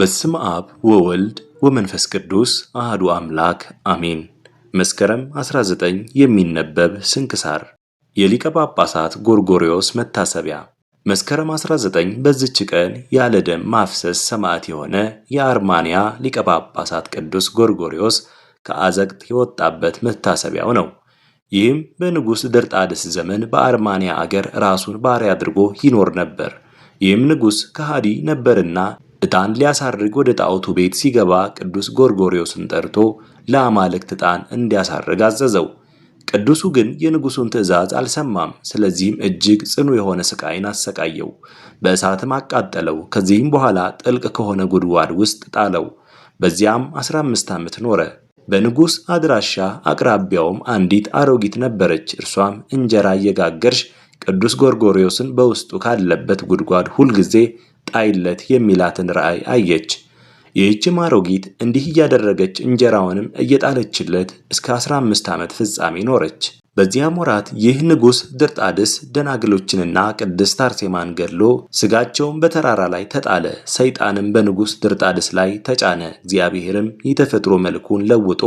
በስም አብ ወወልድ ወመንፈስ ቅዱስ አህዱ አምላክ አሜን። መስከረም 19 የሚነበብ ስንክሳር የሊቀ ጳጳሳት ጎርጎሪዎስ መታሰቢያ መስከረም 19 በዚች ቀን ያለ ደም ማፍሰስ ሰማዕት የሆነ የአርማንያ ሊቀ ጳጳሳት ቅዱስ ጎርጎሪዎስ ከአዘቅት የወጣበት መታሰቢያው ነው። ይህም በንጉሥ ድርጣድስ ዘመን በአርማንያ አገር ራሱን ባሪያ አድርጎ ይኖር ነበር። ይህም ንጉሥ ከሃዲ ነበርና ዕጣን ሊያሳርግ ወደ ጣዖቱ ቤት ሲገባ ቅዱስ ጎርጎርዮስን ጠርቶ ለአማልክት ዕጣን እንዲያሳርግ አዘዘው። ቅዱሱ ግን የንጉሱን ትእዛዝ አልሰማም። ስለዚህም እጅግ ጽኑ የሆነ ስቃይን አሰቃየው፣ በእሳትም አቃጠለው። ከዚህም በኋላ ጥልቅ ከሆነ ጉድጓድ ውስጥ ጣለው። በዚያም 15 ዓመት ኖረ። በንጉሥ አድራሻ አቅራቢያውም አንዲት አሮጊት ነበረች። እርሷም እንጀራ እየጋገርሽ ቅዱስ ጎርጎርዮስን በውስጡ ካለበት ጉድጓድ ሁልጊዜ ጣይለት የሚላትን ራእይ አየች። ይህችም ማሮጊት እንዲህ እያደረገች እንጀራውንም እየጣለችለት እስከ 15 ዓመት ፍጻሜ ኖረች። በዚያም ወራት ይህ ንጉሥ ድርጣድስ ደናግሎችንና ቅድስት አርሴማን ገድሎ ስጋቸውን በተራራ ላይ ተጣለ። ሰይጣንም በንጉሥ ድርጣድስ ላይ ተጫነ። እግዚአብሔርም የተፈጥሮ መልኩን ለውጦ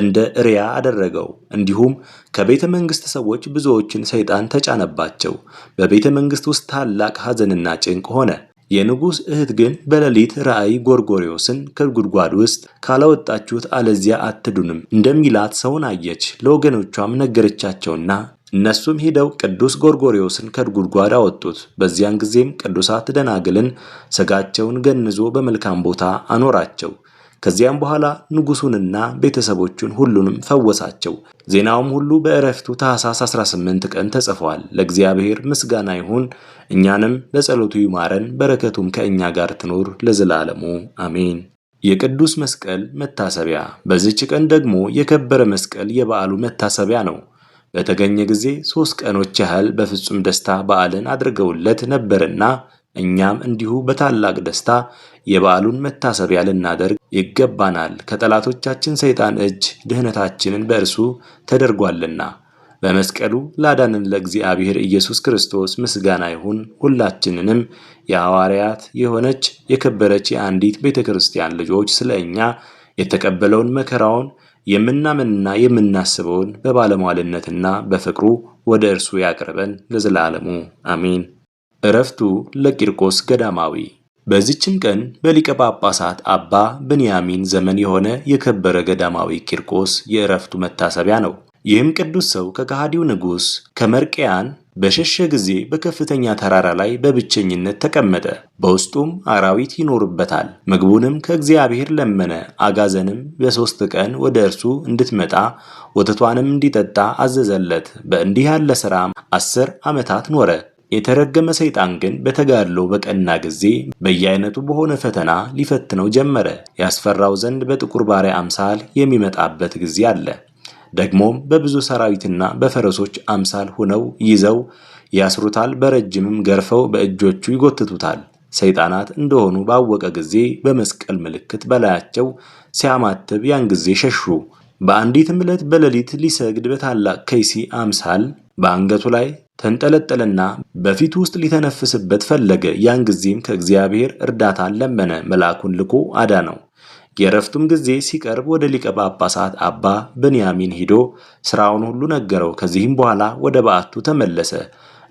እንደ እሪያ አደረገው። እንዲሁም ከቤተ መንግሥት ሰዎች ብዙዎችን ሰይጣን ተጫነባቸው። በቤተ መንግሥት ውስጥ ታላቅ ሐዘንና ጭንቅ ሆነ። የንጉሥ እህት ግን በሌሊት ራእይ ጎርጎሪዎስን ከጉድጓድ ውስጥ ካላወጣችሁት አለዚያ አትዱንም እንደሚላት ሰውን አየች። ለወገኖቿም ነገረቻቸውና እነሱም ሄደው ቅዱስ ጎርጎርዮስን ከጉድጓድ አወጡት። በዚያን ጊዜም ቅዱሳት ደናግልን ሥጋቸውን ገንዞ በመልካም ቦታ አኖራቸው። ከዚያም በኋላ ንጉሱንና ቤተሰቦቹን ሁሉንም ፈወሳቸው። ዜናውም ሁሉ በእረፍቱ ታሳስ 18 ቀን ተጽፏል። ለእግዚአብሔር ምስጋና ይሁን፣ እኛንም በጸሎቱ ይማረን፣ በረከቱም ከእኛ ጋር ትኖር ለዘላለሙ አሜን። የቅዱስ መስቀል መታሰቢያ። በዚች ቀን ደግሞ የከበረ መስቀል የበዓሉ መታሰቢያ ነው። በተገኘ ጊዜ ሦስት ቀኖች ያህል በፍጹም ደስታ በዓልን አድርገውለት ነበርና እኛም እንዲሁ በታላቅ ደስታ የበዓሉን መታሰቢያ ልናደርግ ይገባናል። ከጠላቶቻችን ሰይጣን እጅ ድህነታችንን በእርሱ ተደርጓልና በመስቀሉ ላዳንን ለእግዚአብሔር ኢየሱስ ክርስቶስ ምስጋና ይሁን። ሁላችንንም የሐዋርያት የሆነች የከበረች የአንዲት ቤተ ክርስቲያን ልጆች ስለ እኛ የተቀበለውን መከራውን የምናምንና የምናስበውን በባለሟልነትና በፍቅሩ ወደ እርሱ ያቅርበን ለዘላለሙ አሜን። እረፍቱ ለቂርቆስ ገዳማዊ። በዚችም ቀን በሊቀ ጳጳሳት አባ ብንያሚን ዘመን የሆነ የከበረ ገዳማዊ ቂርቆስ የዕረፍቱ መታሰቢያ ነው። ይህም ቅዱስ ሰው ከካሃዲው ንጉሥ ከመርቅያን በሸሸ ጊዜ በከፍተኛ ተራራ ላይ በብቸኝነት ተቀመጠ። በውስጡም አራዊት ይኖርበታል። ምግቡንም ከእግዚአብሔር ለመነ። አጋዘንም በሦስት ቀን ወደ እርሱ እንድትመጣ ወተቷንም እንዲጠጣ አዘዘለት። በእንዲህ ያለ ሥራም አስር ዓመታት ኖረ። የተረገመ ሰይጣን ግን በተጋድሎ በቀና ጊዜ በየአይነቱ በሆነ ፈተና ሊፈትነው ጀመረ። ያስፈራው ዘንድ በጥቁር ባሪያ አምሳል የሚመጣበት ጊዜ አለ። ደግሞም በብዙ ሰራዊትና በፈረሶች አምሳል ሆነው ይዘው ያስሩታል፣ በረጅምም ገርፈው በእጆቹ ይጎትቱታል። ሰይጣናት እንደሆኑ ባወቀ ጊዜ በመስቀል ምልክት በላያቸው ሲያማትብ ያን ጊዜ ሸሹ። በአንዲትም ዕለት በሌሊት ሊሰግድ በታላቅ ከይሲ አምሳል በአንገቱ ላይ ተንጠለጠለና በፊቱ ውስጥ ሊተነፍስበት ፈለገ። ያን ጊዜም ከእግዚአብሔር እርዳታን ለመነ፣ መልአኩን ልኮ አዳነው። የእረፍቱም ጊዜ ሲቀርብ ወደ ሊቀ ጳጳሳት አባ ብንያሚን ሂዶ ሥራውን ሁሉ ነገረው። ከዚህም በኋላ ወደ በዓቱ ተመለሰ።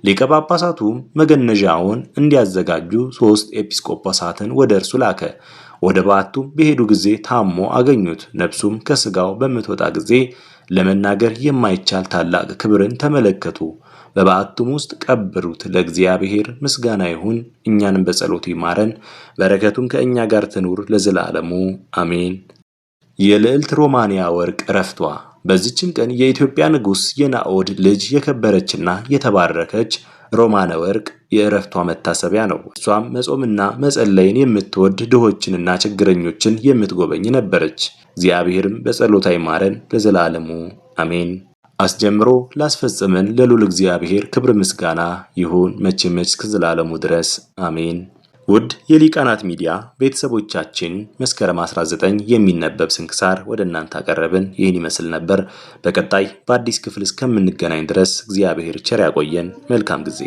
ሊቀ ጳጳሳቱም መገነዣውን እንዲያዘጋጁ ሦስት ኤጲስቆጶሳትን ወደ እርሱ ላከ። ወደ ባቱ በሄዱ ጊዜ ታሞ አገኙት። ነፍሱም ከስጋው በምትወጣ ጊዜ ለመናገር የማይቻል ታላቅ ክብርን ተመለከቱ። በበዓቱም ውስጥ ቀበሩት። ለእግዚአብሔር ምስጋና ይሁን፣ እኛንም በጸሎቱ ይማረን፣ በረከቱም ከእኛ ጋር ትኑር ለዘላለሙ አሜን። የልዕልት ሮማንያ ወርቅ ረፍቷ። በዚችም ቀን የኢትዮጵያ ንጉሥ የናኦድ ልጅ የከበረችና የተባረከች ሮማነ ወርቅ የእረፍቷ መታሰቢያ ነው። እሷም መጾምና መጸለይን የምትወድ ድሆችንና ችግረኞችን የምትጎበኝ ነበረች። እግዚአብሔርም በጸሎታ ይማረን ለዘላለሙ አሜን። አስጀምሮ ላስፈጸመን ለሉል እግዚአብሔር ክብር ምስጋና ይሁን መቼ መች እስከ ዘላለሙ ድረስ አሜን። ውድ የሊቃናት ሚዲያ ቤተሰቦቻችን መስከረም 19 የሚነበብ ስንክሳር ወደ እናንተ አቀረብን። ይህን ይመስል ነበር። በቀጣይ በአዲስ ክፍል እስከምንገናኝ ድረስ እግዚአብሔር ቸር ያቆየን። መልካም ጊዜ